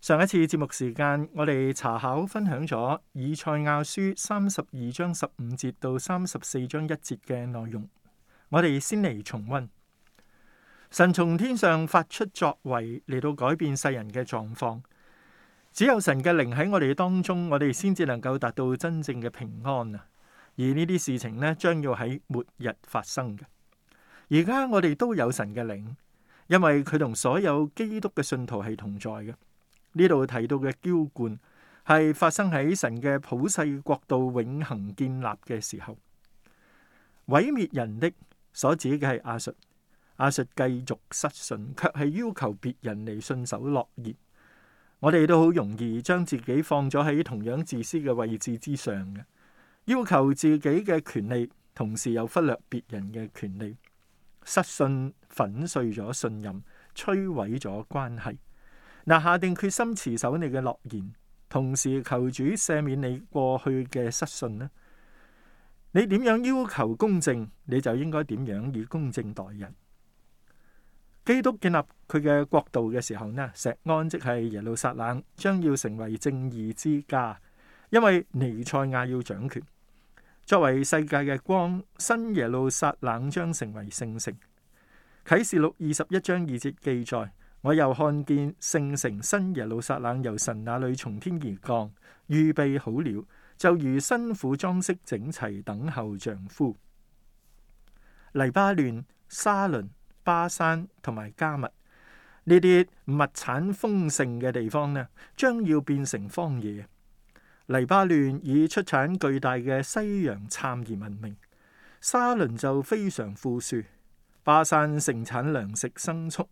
上一次節目時間，我哋查考分享咗以賽亞書三十二章十五節到三十四章一節嘅內容。我哋先嚟重温神從天上發出作為嚟到改變世人嘅狀況。只有神嘅靈喺我哋當中，我哋先至能夠達到真正嘅平安啊！而呢啲事情呢，將要喺末日發生嘅。而家我哋都有神嘅靈，因為佢同所有基督嘅信徒係同在嘅。呢度提到嘅驕冠，係發生喺神嘅普世國度永恒建立嘅時候，毀滅人的所指嘅係阿術，阿術繼續失信，卻係要求別人嚟信守諾言。我哋都好容易將自己放咗喺同樣自私嘅位置之上嘅，要求自己嘅權利，同時又忽略別人嘅權利，失信粉碎咗信任，摧毀咗關係。嗱，下定決心持守你嘅諾言，同時求主赦免你過去嘅失信呢，你點樣要求公正，你就應該點樣以公正待人。基督建立佢嘅國度嘅時候呢，錫安即係耶路撒冷，將要成為正義之家，因為彌賽亞要掌權。作為世界嘅光，新耶路撒冷將成為聖城。啟示錄二十一章二節記載。我又看見聖城新耶路撒冷由神那裏從天而降，預備好了，就如新婦裝飾整齊等候丈夫。黎巴嫩、沙倫、巴山同埋加密呢啲物產豐盛嘅地方呢，將要變成荒野。黎巴嫩以出產巨大嘅西洋杉而聞名，沙倫就非常富庶，巴山盛產糧食牲畜。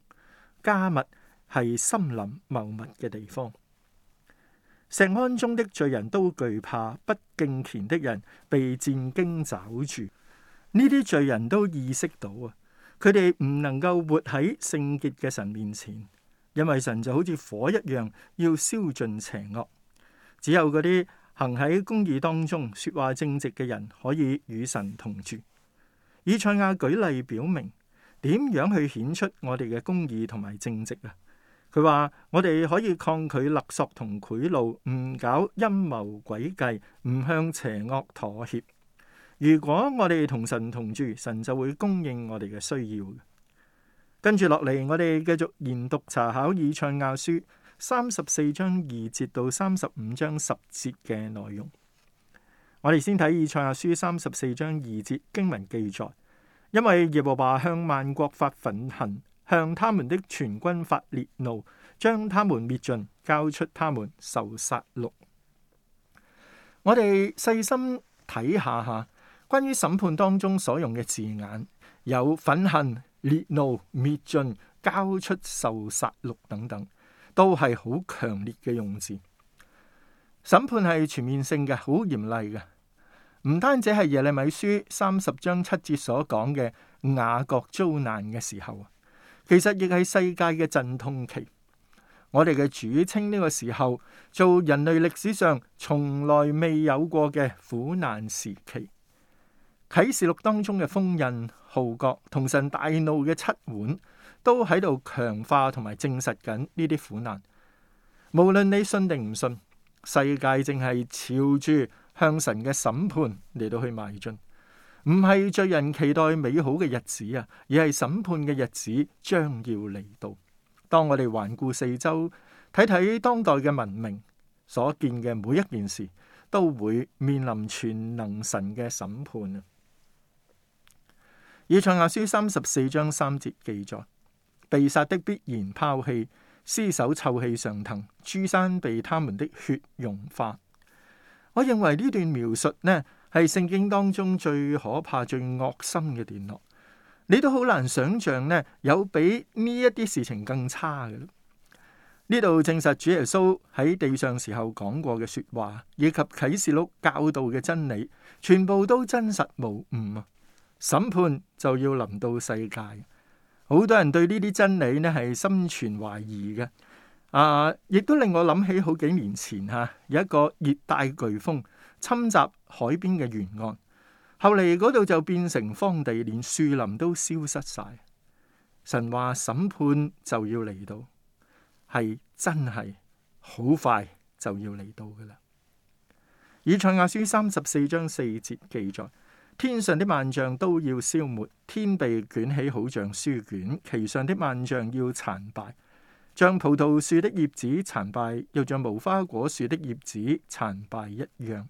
加密係森林茂密嘅地方，石安中的罪人都懼怕，不敬虔的人被戰驚抓住。呢啲罪人都意識到啊，佢哋唔能夠活喺聖潔嘅神面前，因為神就好似火一樣要燒盡邪惡。只有嗰啲行喺公義當中說話正直嘅人，可以與神同住。以賽亞舉例表明，點樣去顯出我哋嘅公義同埋正直啊？佢話我哋可以抗拒勒索同賄賂，唔搞陰謀詭計，唔向邪惡妥協。如果我哋同神同住，神就會供應我哋嘅需要。跟住落嚟，我哋繼續研讀查考以賽亞書三十四章二節到三十五章十節嘅內容。我哋先睇以賽亞書三十四章二節經文記載。因為耶和華向萬國發憤恨，向他們的全軍發烈怒，將他們滅盡，交出他們受殺戮。我哋細心睇下吓，關於審判當中所用嘅字眼，有憤恨、烈怒、滅盡、交出、受殺戮等等，都係好強烈嘅用字。審判係全面性嘅，好嚴厲嘅。唔單止係耶利米書三十章七節所講嘅雅各遭難嘅時候，其實亦係世界嘅陣痛期。我哋嘅主稱呢個時候做人類歷史上從來未有過嘅苦難時期。啟示錄當中嘅封印、號角、同神大怒嘅七碗，都喺度強化同埋證實緊呢啲苦難。無論你信定唔信，世界正係朝住，向神嘅審判嚟到去邁進，唔係罪人期待美好嘅日子啊，而係審判嘅日子將要嚟到。當我哋環顧四周，睇睇當代嘅文明所見嘅每一件事，都會面臨全能神嘅審判。以賽亞書三十四章三節記載：被殺的必然拋棄，屍首臭氣上騰，諸山被他們的血溶化。我認為呢段描述呢，係聖經當中最可怕、最噁心嘅段落。你都好難想象呢，有比呢一啲事情更差嘅。呢度證實主耶穌喺地上時候講過嘅說話，以及啟示錄教導嘅真理，全部都真實無誤啊！審判就要臨到世界，好多人對呢啲真理呢係心存懷疑嘅。啊！亦都令我諗起好幾年前吓，有、啊、一個熱帶颶風侵襲海邊嘅沿岸，後嚟嗰度就變成荒地，連樹林都消失晒。神話審判就要嚟到，係真係好快就要嚟到噶啦。以賽亞書三十四章四節記載：天上的萬象都要消沒，天被捲起，好像書卷，其上的萬象要殘敗。像葡萄樹的葉子殘敗，又像無花果樹的葉子殘敗一樣。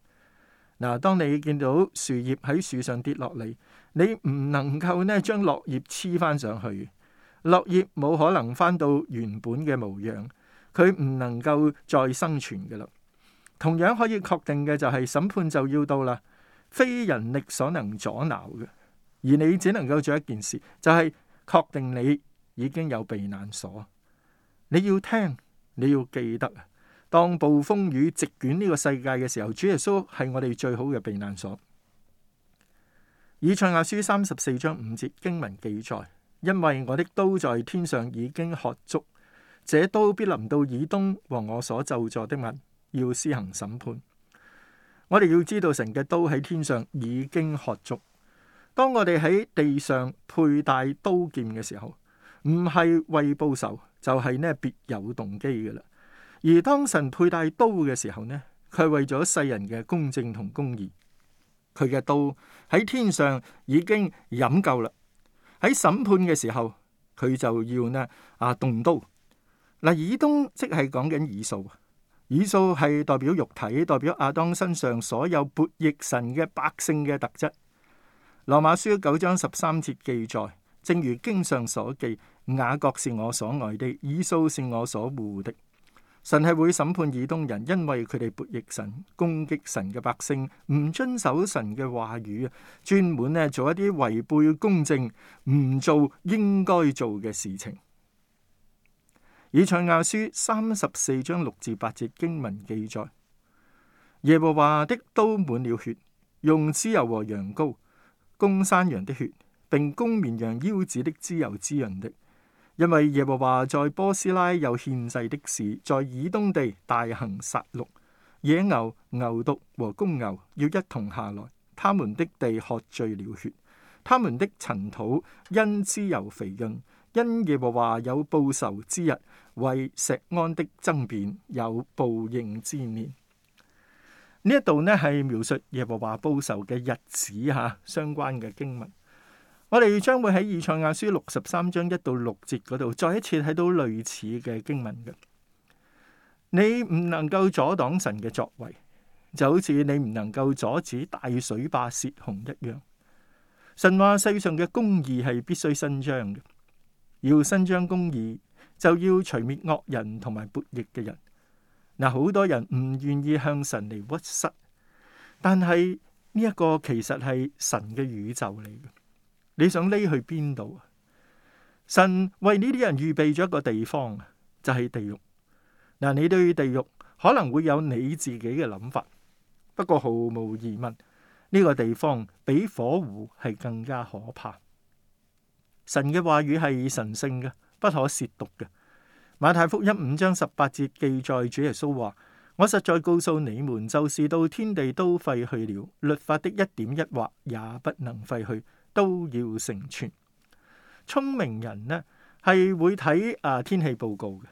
嗱，當你見到樹葉喺樹上跌落嚟，你唔能夠呢將落葉黐翻上去，落葉冇可能翻到原本嘅模樣，佢唔能夠再生存㗎喇。同樣可以確定嘅就係審判就要到啦，非人力所能阻撓嘅，而你只能夠做一件事，就係、是、確定你已經有避難所。你要聽，你要記得。當暴風雨席捲呢個世界嘅時候，主耶穌係我哋最好嘅避難所。以賽亞書三十四章五節經文記載：因為我的刀在天上已經喝足，這刀必臨到以東和我所咒詛的物，要施行審判。我哋要知道，神嘅刀喺天上已經喝足。當我哋喺地上佩戴刀劍嘅時候，唔係為報仇。就係呢，別有動機嘅啦。而當神佩戴刀嘅時候呢，佢係為咗世人嘅公正同公義。佢嘅刀喺天上已經飲夠啦。喺審判嘅時候，佢就要呢啊動刀。嗱，以東即係講緊以掃，以掃係代表肉體，代表亞當身上所有悖逆神嘅百姓嘅特質。羅馬書九章十三節記載，正如經上所記。雅各是我所愛的，以掃是我所護的。神係會審判以東人，因為佢哋叛逆神，攻擊神嘅百姓，唔遵守神嘅話語啊。專門咧做一啲違背公正，唔做應該做嘅事情。以賽亞書三十四章六至八節經文記載：耶和華的刀滿了血，用脂油和羊羔，公山羊的血，並公綿羊腰子的脂油滋潤的。因為耶和華在波斯拉有獻祭的事，在以東地大行殺戮，野牛、牛犢和公牛要一同下來，他們的地喝醉了血，他們的塵土因之油肥潤。因耶和華有報仇之日，為錫安的爭辯有報應之年。呢一度呢係描述耶和華報仇嘅日子吓、啊，相關嘅經文。我哋將會喺《以賽亞書》六十三章一到六節嗰度，再一次睇到類似嘅經文嘅。你唔能夠阻擋神嘅作為，就好似你唔能夠阻止大水壩洩洪一樣。神話世上嘅公義係必須伸張嘅，要伸張公義就要除滅惡人同埋叛逆嘅人。嗱，好多人唔願意向神嚟屈膝，但係呢一個其實係神嘅宇宙嚟嘅。你想匿去邊度？神為呢啲人預備咗一個地方，就係地獄。嗱，你對地獄可能會有你自己嘅諗法，不過毫無疑問呢個地方比火湖係更加可怕。神嘅話語係神聖嘅，不可褻瀆嘅。馬太福音五章十八節記載，主耶穌話：我實在告訴你們，就是到天地都廢去了，律法的一點一畫也不能廢去。都要成全。聰明人呢，係會睇啊天氣報告嘅。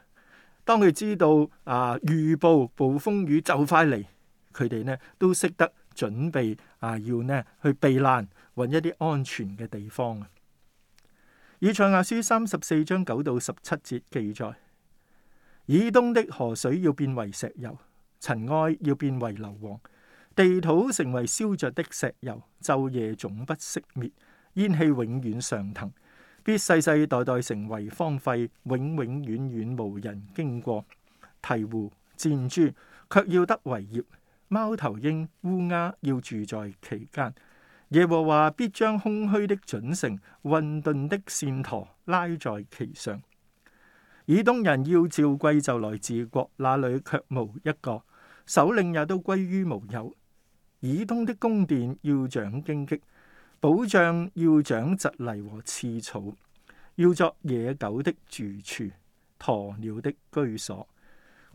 當佢知道啊預報暴風雨就快嚟，佢哋呢都識得準備啊，要呢去避難，揾一啲安全嘅地方啊。以賽亞書三十四章九到十七節記載：以東的河水要變為石油，塵埃要變為硫磺，地土成為燒着的石油，晝夜總不熄滅。煙氣永遠上騰，必世世代代成為荒廢，永永遠遠無人經過。鵜鶘、箭豬卻要得為業，貓頭鷹、烏鴉要住在其間。耶和華必將空虛的準繩、混沌的線陀拉在其上。以東人要照貴就來治國，那裏卻無一個首領，也都歸於無有。以東的宮殿要長荊棘。保障要長蒺藜和刺草，要作野狗的住處、鴕鳥的居所、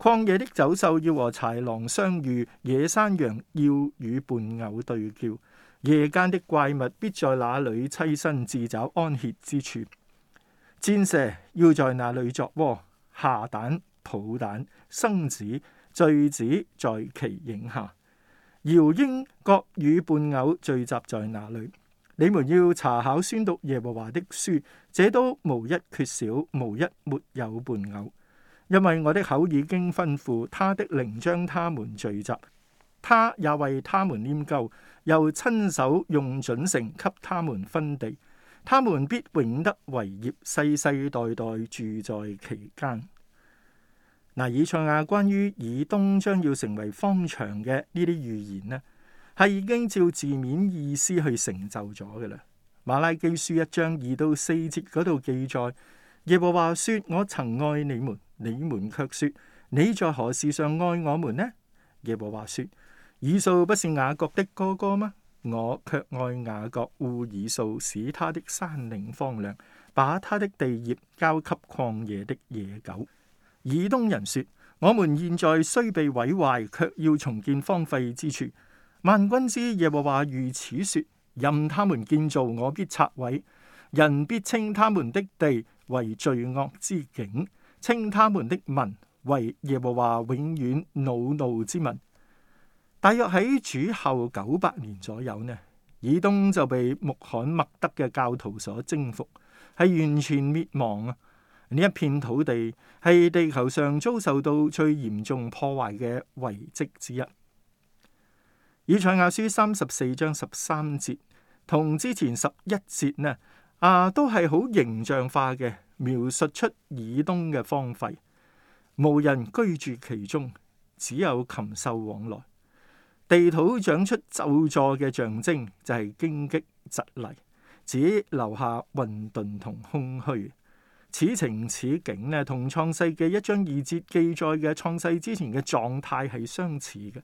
曠野的走獸要和豺狼相遇，野山羊要與伴偶對叫，夜間的怪物必在那裏棲身自找安歇之處，箭蛇要在那裏作窩、下蛋、抱蛋、生子、聚子在其影下，鷂鷹各與伴偶聚集在那裏。你們要查考宣讀耶和華的書，這都無一缺少，無一沒有伴偶，因為我的口已經吩咐他的靈將他們聚集，他也為他們拈鬮，又親手用準繩給他們分地，他們必永得為業，世世代代住在其間。嗱，以賽亞關於以東將要成為荒場嘅呢啲預言呢？係已經照字面意思去成就咗嘅啦。馬拉基書一章二到四節嗰度記載，耶和華說：我曾愛你們，你們卻說你在何事上愛我們呢？耶和華說：以掃不是雅各的哥哥嗎？我卻愛雅各，惡以掃，使他的山嶺荒涼，把他的地業交給曠野的野狗。以東人說：我們現在雖被毀壞，卻要重建荒廢之處。萬軍之耶和華如此說：任他們建造，我必拆毀；人必稱他們的地為罪惡之境，稱他們的民為耶和華永遠惱怒怒之民。大約喺主後九百年左右呢，以東就被穆罕默德嘅教徒所征服，係完全滅亡啊！呢一片土地係地球上遭受到最嚴重破壞嘅遺跡之一。以賽亞書三十四章十三節，同之前十一節呢啊，都係好形象化嘅，描述出以東嘅荒廢，無人居住其中，只有禽獸往來。地土長出咒詛嘅象徵，就係荊棘蒺藜，只留下混沌同空虛。此情此景呢，同創世嘅一章二節記載嘅創世之前嘅狀態係相似嘅。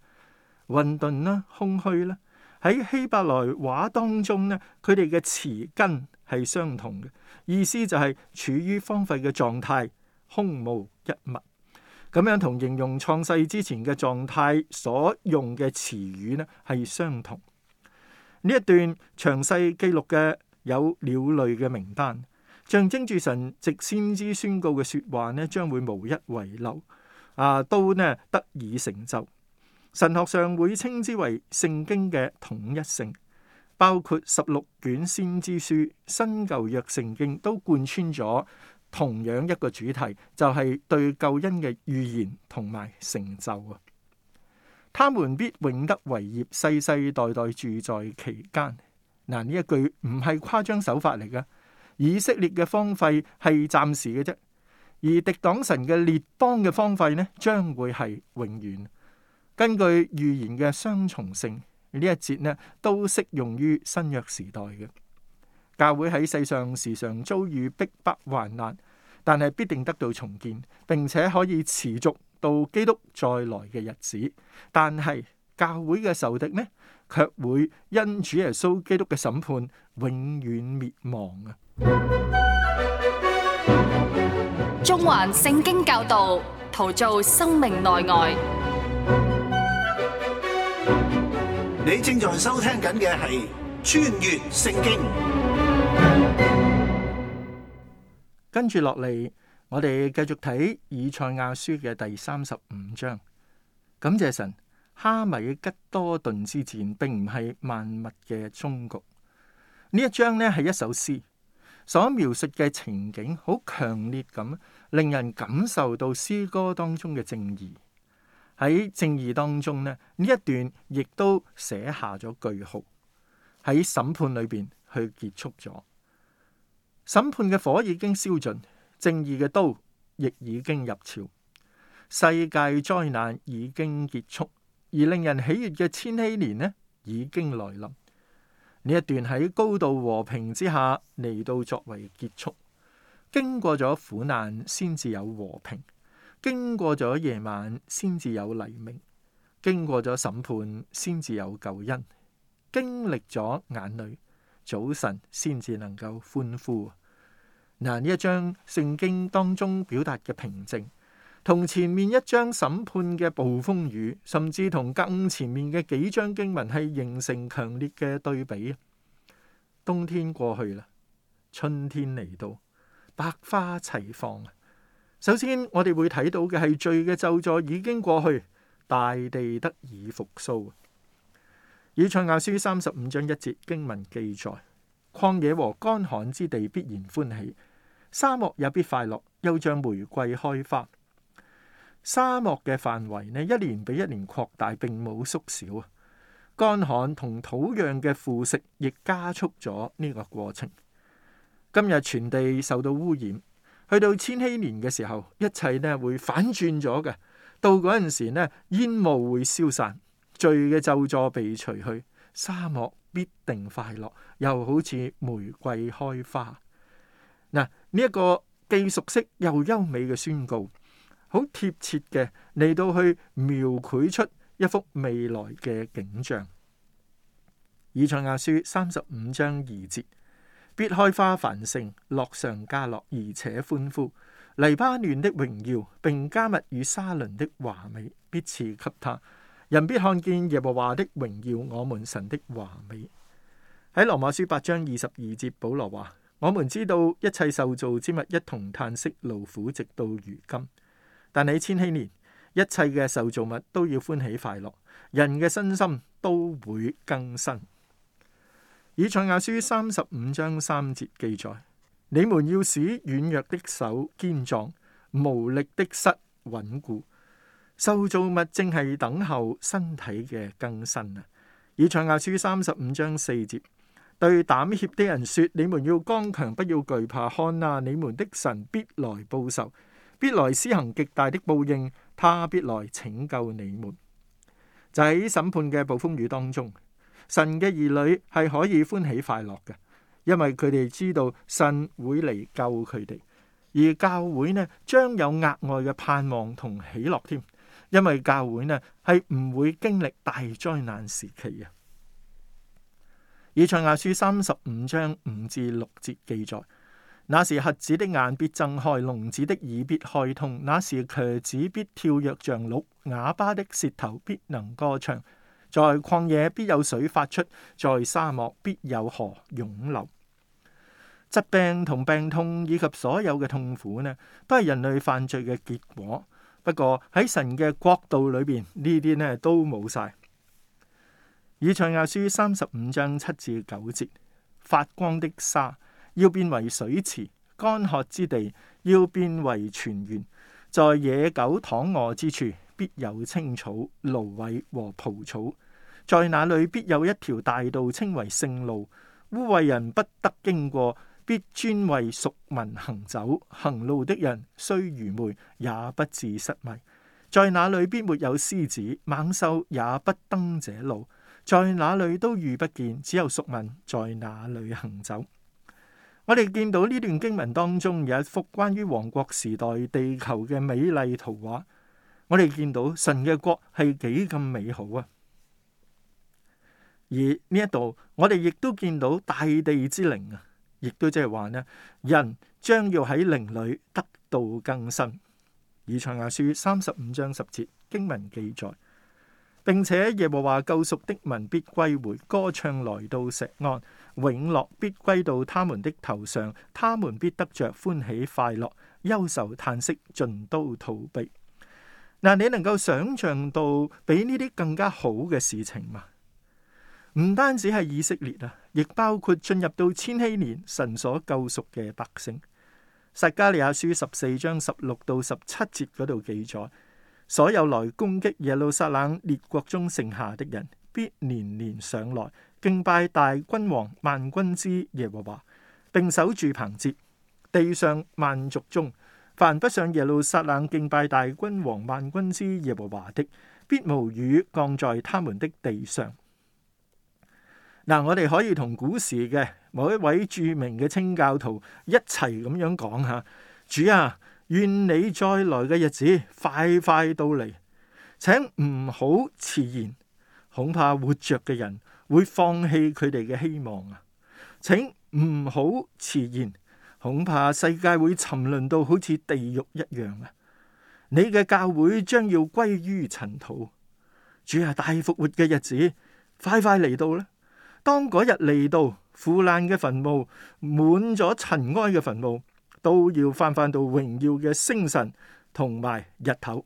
混沌啦，空虛啦，喺希伯來話當中呢，佢哋嘅詞根係相同嘅，意思就係處於荒廢嘅狀態，空無一物，咁樣同形容創世之前嘅狀態所用嘅詞語呢係相同。呢一段詳細記錄嘅有鳥類嘅名單，象徵住神藉先知宣告嘅說話呢將會無一遺漏，啊，都呢得以成就。神學上會稱之為聖經嘅統一性，包括十六卷先知書、新舊約聖經都貫穿咗同樣一個主題，就係、是、對救恩嘅預言同埋成就啊！他們必永得為業，世世代代住在其間。嗱，呢一句唔係誇張手法嚟㗎，以色列嘅荒廢係暫時嘅啫，而敵擋神嘅列邦嘅荒廢呢，將會係永遠。根據預言嘅雙重性，呢一節呢都適用於新約時代嘅教會喺世上時常遭遇逼迫患難，但係必定得到重建，並且可以持續到基督再來嘅日子。但係教會嘅仇敵呢，卻會因主耶穌基督嘅審判永遠滅亡啊！中環聖經教導，陶造生命內外。你正在收聽緊嘅係《穿越聖經》，跟住落嚟，我哋繼續睇以賽亞書嘅第三十五章。感謝神，哈米吉多頓之戰並唔係萬物嘅終局。呢一章咧係一首詩，所描述嘅情景好強烈咁，令人感受到詩歌當中嘅正義。喺正義當中，呢一段亦都寫下咗句號，喺審判裏邊去結束咗。審判嘅火已經燒盡，正義嘅刀亦已經入鞘。世界災難已經結束，而令人喜悦嘅千禧年呢已經來臨。呢一段喺高度和平之下嚟到作為結束，經過咗苦難先至有和平。經過咗夜晚，先至有黎明；經過咗審判，先至有救恩；經歷咗眼淚，早晨先至能夠歡呼。嗱，呢一章聖經當中表達嘅平靜，同前面一章審判嘅暴風雨，甚至同更前面嘅幾章經文係形成強烈嘅對比。冬天過去啦，春天嚟到，百花齊放首先，我哋會睇到嘅係罪嘅咒詛已經過去，大地得以復蘇。以賽亞書三十五章一節經文記載：「曠野和乾旱之地必然歡喜，沙漠也必快樂，又像玫瑰開花。」沙漠嘅範圍呢，一年比一年擴大，並冇縮小啊。乾旱同土壤嘅腐蝕，亦加速咗呢個過程。今日全地受到污染。去到千禧年嘅時候，一切咧會反轉咗嘅。到嗰陣時咧，煙霧會消散，罪嘅咒詛被除去，沙漠必定快樂，又好似玫瑰開花。嗱，呢一個既熟悉又優美嘅宣告，好貼切嘅嚟到去描繪出一幅未來嘅景象。以賽亞書三十五章二節。必開花繁盛，樂上加樂，而且歡呼。黎巴嫩的榮耀，並迦密與沙崙的華美，必賜給他。人必看見耶和華的榮耀，我們神的華美。喺羅馬書八章二十二節，保羅話：「我們知道一切受造之物一同嘆息勞苦，直到如今。」但喺千禧年，一切嘅受造物都要歡喜快樂，人嘅身心都會更新。以賽亞書三十五章三節記載：你們要使軟弱的手堅壯，無力的膝穩固。受造物正係等候身體嘅更新啊！以賽亞書三十五章四節對膽怯的人說：你們要剛強，不要懼怕。看啊，你們的神必來報仇，必來施行極大的報應，他必來拯救你們。就喺審判嘅暴風雨當中。神嘅兒女係可以歡喜快樂嘅，因為佢哋知道神會嚟救佢哋。而教會呢，將有額外嘅盼望同喜樂添，因為教會呢係唔會經歷大災難時期嘅。以賽亞書三十五章五至六節記載：，那時瞎子的眼必睜開，聾子的耳必開通，那時瘸子必跳躍像鹿，啞巴的舌頭必能歌唱。在曠野必有水發出，在沙漠必有河湧流。疾病同病痛以及所有嘅痛苦呢，都係人類犯罪嘅結果。不過喺神嘅國度裏邊，呢啲呢都冇晒。以賽亞書三十五章七至九節：發光的沙要變為水池，乾涸之地要變為泉源，在野狗躺臥之處。必有青草、蘆葦和蒲草，在那裏必有一條大道，稱為聖路，污穢人不得經過，必專為贖民行走。行路的人雖愚昧，也不致失迷。在那裏必沒有獅子、猛獸，也不登這路。在那裡都遇不見，只有贖民在那裡行走。我哋見到呢段經文當中有一幅關於王國時代地球嘅美麗圖畫。我哋見到神嘅國係幾咁美好啊！而呢一度，我哋亦都見到大地之靈啊，亦都即係話呢，人將要喺靈裏得到更新。《以賽亞書》三十五章十節經文記載，並且耶和華救贖的民必歸回，歌唱來到錫安，永樂必歸到他們的頭上，他們必得着歡喜快樂，憂愁嘆息盡都逃避。嗱，你能夠想象到比呢啲更加好嘅事情嘛？唔單止係以色列啊，亦包括進入到千禧年神所救贖嘅百姓。撒迦利亞書十四章十六到十七節嗰度記載，所有來攻擊耶路撒冷列國中剩下的人，必年年上來敬拜大君王萬軍之耶和華，並守住棚節，地上萬族中。凡不上耶路撒冷敬拜大君王萬軍之耶和華的，必無雨降在他們的地上。嗱，我哋可以同古時嘅某一位著名嘅清教徒一齊咁樣講吓：主啊，願你再來嘅日子快快到嚟，請唔好遲延，恐怕活着嘅人會放棄佢哋嘅希望啊！請唔好遲延。恐怕世界會沉淪到好似地獄一樣啊！你嘅教會將要歸於塵土。主啊，大復活嘅日子快快嚟到啦！當嗰日嚟到，腐爛嘅墳墓、滿咗塵埃嘅墳墓，都要翻返到榮耀嘅星辰同埋日頭。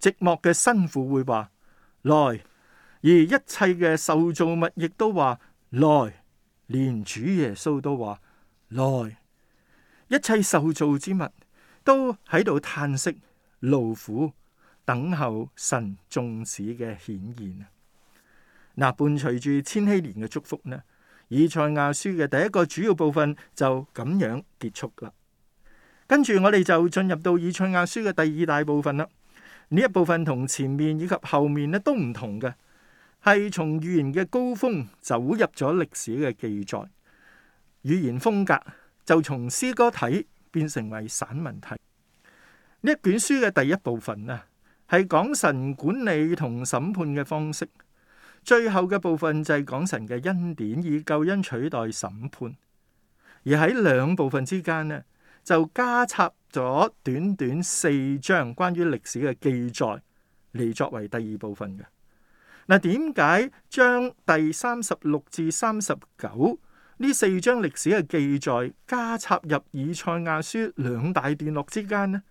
寂寞嘅新婦會話來，而一切嘅受造物亦都話來，連主耶穌都話來。一切受造之物都喺度嘆息、勞苦、等候神眾子嘅顯現。嗱，伴隨住千禧年嘅祝福呢，《以賽亞書》嘅第一個主要部分就咁樣結束啦。跟住我哋就進入到《以賽亞書》嘅第二大部分啦。呢一部分同前面以及後面咧都唔同嘅，係從預言嘅高峰走入咗歷史嘅記載，語言風格。就從詩歌體變成為散文體。呢一卷書嘅第一部分呢，係講神管理同審判嘅方式。最後嘅部分就係講神嘅恩典，以救恩取代審判。而喺兩部分之間呢，就加插咗短短四章關於歷史嘅記載，嚟作為第二部分嘅。嗱，點解將第三十六至三十九呢四章歷史嘅記載加插入以賽亞書兩大段落之間呢，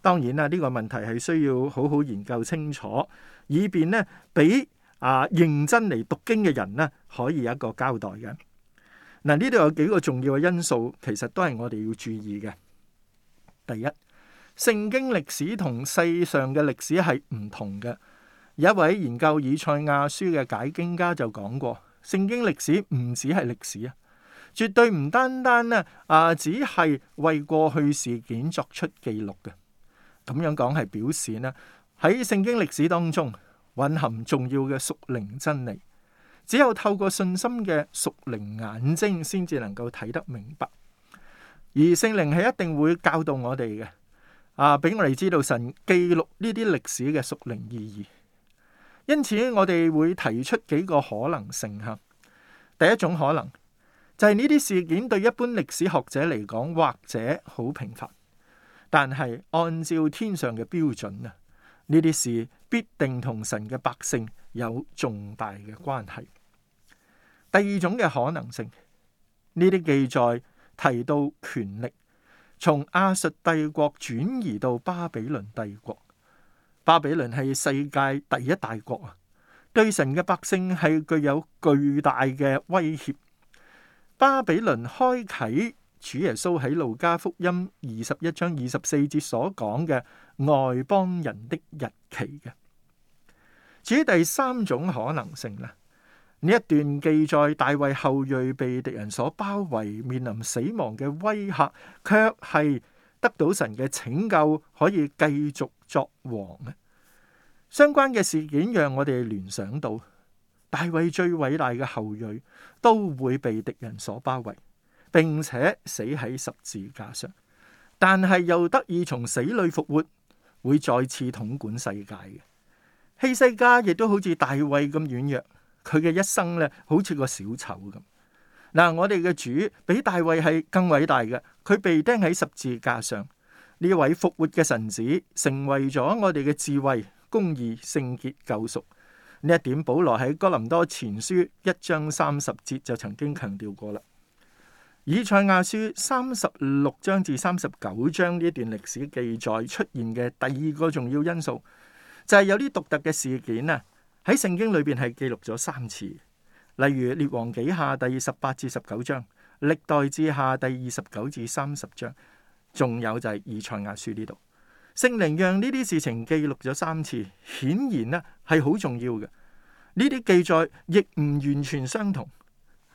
當然啦，呢、這個問題係需要好好研究清楚，以便呢，俾啊認真嚟讀經嘅人呢，可以有一個交代嘅。嗱、啊，呢度有幾個重要嘅因素，其實都係我哋要注意嘅。第一，聖經歷史同世上嘅歷史係唔同嘅。有一位研究以賽亞書嘅解經家就講過，聖經歷史唔止係歷史啊。絕對唔單單咧啊，只係為過去事件作出記錄嘅。咁樣講係表示呢，喺聖經歷史當中蘊含重要嘅屬靈真理。只有透過信心嘅屬靈眼睛，先至能夠睇得明白。而聖靈係一定會教導我哋嘅，啊，俾我哋知道神記錄呢啲歷史嘅屬靈意義。因此，我哋會提出幾個可能性吓。第一種可能。就係呢啲事件對一般歷史學者嚟講，或者好平凡。但係按照天上嘅標準啊，呢啲事必定同神嘅百姓有重大嘅關係。第二種嘅可能性，呢啲記載提到權力從亞述帝國轉移到巴比倫帝國。巴比倫係世界第一大國啊，對神嘅百姓係具有巨大嘅威脅。巴比倫開啟主耶穌喺路加福音二十一章二十四節所講嘅外邦人的日期嘅。至於第三種可能性，呢一段記載大衛後裔被敵人所包圍，面臨死亡嘅威嚇，卻係得到神嘅拯救，可以繼續作王。相關嘅事件讓我哋聯想到。大衛最偉大嘅後裔都會被敵人所包圍，並且死喺十字架上，但係又得以從死裏復活，會再次統管世界嘅。希西家亦都好似大衛咁軟弱，佢嘅一生咧好似個小丑咁。嗱，我哋嘅主比大衛係更偉大嘅，佢被釘喺十字架上，呢位復活嘅神子成為咗我哋嘅智慧、公義、聖潔、救贖。呢一點，保羅喺哥林多前書一章三十節就曾經強調過啦。以賽亞書三十六章至三十九章呢段歷史記載出現嘅第二個重要因素，就係有啲獨特嘅事件啊，喺聖經裏邊係記錄咗三次，例如列王紀下第十八至十九章、歷代志下第二十九至三十章，仲有就係以賽亞書呢度。聖靈讓呢啲事情記錄咗三次，顯然咧係好重要嘅。呢啲記載亦唔完全相同，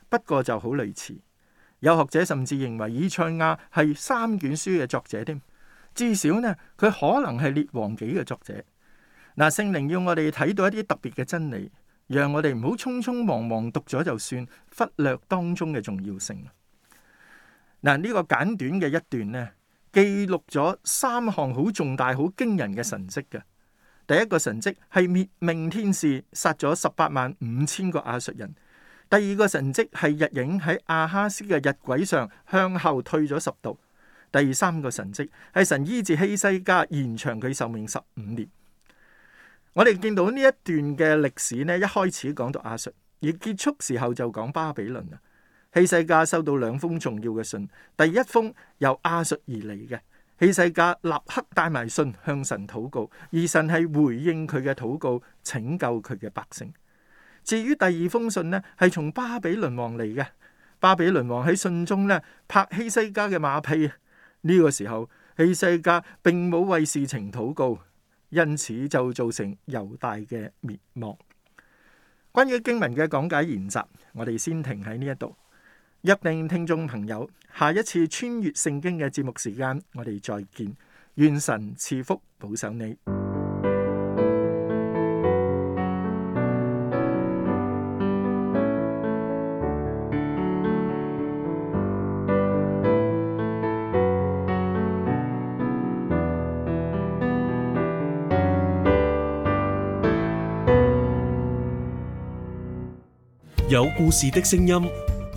不過就好類似。有學者甚至認為以賽亞係三卷書嘅作者添，至少咧佢可能係列王紀嘅作者。嗱，聖靈要我哋睇到一啲特別嘅真理，讓我哋唔好匆匆忙忙讀咗就算，忽略當中嘅重要性。嗱，呢個簡短嘅一段咧。記錄咗三項好重大、好驚人嘅神跡嘅。第一個神跡係滅命天使殺咗十八萬五千個亞述人。第二個神跡係日影喺阿哈斯嘅日軌上向後退咗十度。第三個神跡係神醫治希西家延長佢壽命十五年。我哋見到呢一段嘅歷史呢，一開始講到亞述，而結束時候就講巴比倫啦。希西家收到兩封重要嘅信，第一封由亞述而嚟嘅，希西家立刻帶埋信向神禱告，而神係回應佢嘅禱告，拯救佢嘅百姓。至於第二封信呢，係從巴比倫王嚟嘅，巴比倫王喺信中呢拍希西家嘅馬屁。呢、這個時候，希西家並冇為事情禱告，因此就造成猶大嘅滅亡。關於經文嘅講解研習，我哋先停喺呢一度。約定聽眾朋友，下一次穿越聖經嘅節目時間，我哋再見。願神賜福保守你。有故事的聲音。